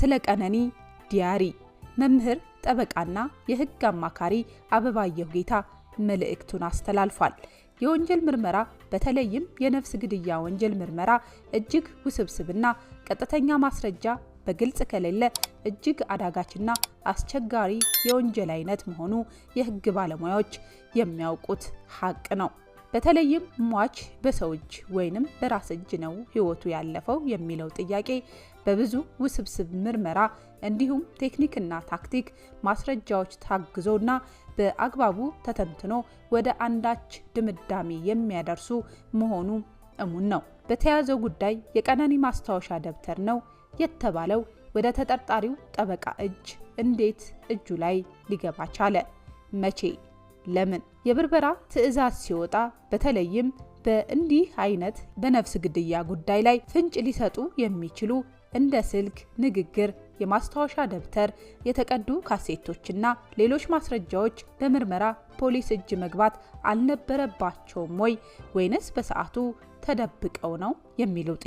ስለ ቀነኒ ዲያሪ መምህር ጠበቃና የህግ አማካሪ አበባየሁ ጌታ መልእክቱን አስተላልፏል። የወንጀል ምርመራ በተለይም የነፍስ ግድያ ወንጀል ምርመራ እጅግ ውስብስብና ቀጥተኛ ማስረጃ በግልጽ ከሌለ እጅግ አዳጋችና አስቸጋሪ የወንጀል አይነት መሆኑ የህግ ባለሙያዎች የሚያውቁት ሀቅ ነው። በተለይም ሟች በሰው እጅ ወይንም በራስ እጅ ነው ህይወቱ ያለፈው የሚለው ጥያቄ በብዙ ውስብስብ ምርመራ እንዲሁም ቴክኒክና ታክቲክ ማስረጃዎች ታግዞና በአግባቡ ተተንትኖ ወደ አንዳች ድምዳሜ የሚያደርሱ መሆኑ እሙን ነው። በተያዘው ጉዳይ የቀነኒ ማስታወሻ ደብተር ነው የተባለው ወደ ተጠርጣሪው ጠበቃ እጅ እንዴት እጁ ላይ ሊገባ ቻለ? መቼ ለምን የብርበራ ትዕዛዝ ሲወጣ በተለይም በእንዲህ አይነት በነፍስ ግድያ ጉዳይ ላይ ፍንጭ ሊሰጡ የሚችሉ እንደ ስልክ ንግግር፣ የማስታወሻ ደብተር፣ የተቀዱ ካሴቶችና ሌሎች ማስረጃዎች በምርመራ ፖሊስ እጅ መግባት አልነበረባቸውም ወይ ወይንስ በሰዓቱ ተደብቀው ነው የሚለው